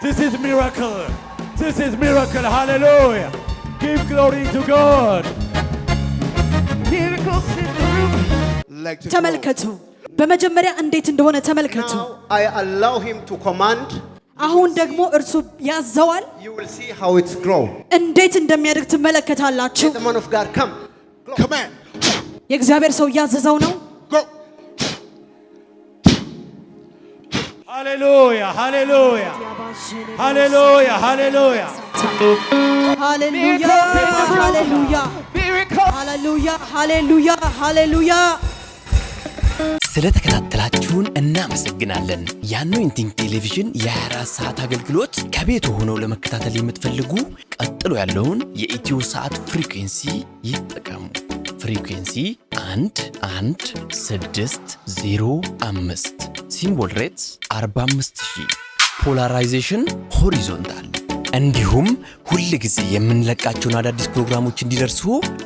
This is miracle. This is miracle. Hallelujah. Give glory to God. Miracles in the room. ተመልከቱ። በመጀመሪያ እንዴት እንደሆነ ተመልከቱ። Now I allow him to command. አሁን ደግሞ እርሱ ያዘዋል። You will see how it's grow. እንዴት እንደሚያደርግ ትመለከታላችሁ። The man of God come. Command. የእግዚአብሔር ሰው እያዘዘው ነው። ሃሌሉያ ሃሌሉያ ሃሌሉያ ሃሌሉያ ሃሌሉያ ሃሌሉያ ስለተከታተላችሁን እናመሰግናለን። የአኖይንቲንግ ቴሌቪዥን የ24 ሰዓት አገልግሎት ከቤት ሆነው ለመከታተል የምትፈልጉ ቀጥሎ ያለውን የኢትዮ ሰዓት ፍሪኩንሲ ይጠቀሙ። ፍሪኩንሲ 1 1 5 ሲምቦል ሬትስ 45000 ፖላራይዜሽን ሆሪዞንታል እንዲሁም ሁል ጊዜ የምንለቃቸውን አዳዲስ ፕሮግራሞች እንዲደርሱ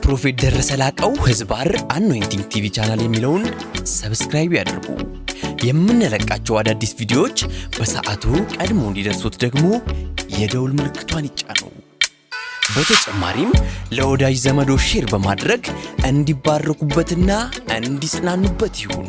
ፕሮፌት ደረሰ ላቀው ህዝባር አኖይንቲንግ ቲቪ ቻናል የሚለውን ሰብስክራይብ ያድርጉ። የምንለቃቸው አዳዲስ ቪዲዮዎች በሰዓቱ ቀድሞ እንዲደርሱት ደግሞ የደውል ምልክቷን ይጫኑ። በተጨማሪም ለወዳጅ ዘመዶ ሼር በማድረግ እንዲባረኩበትና እንዲጽናኑበት ይሁን።